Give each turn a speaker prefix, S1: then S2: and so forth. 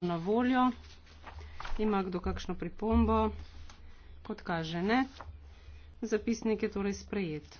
S1: na voljo. Ima kdo kakšno pripombo? Kot kaže ne. Zapisnik je torej sprejet.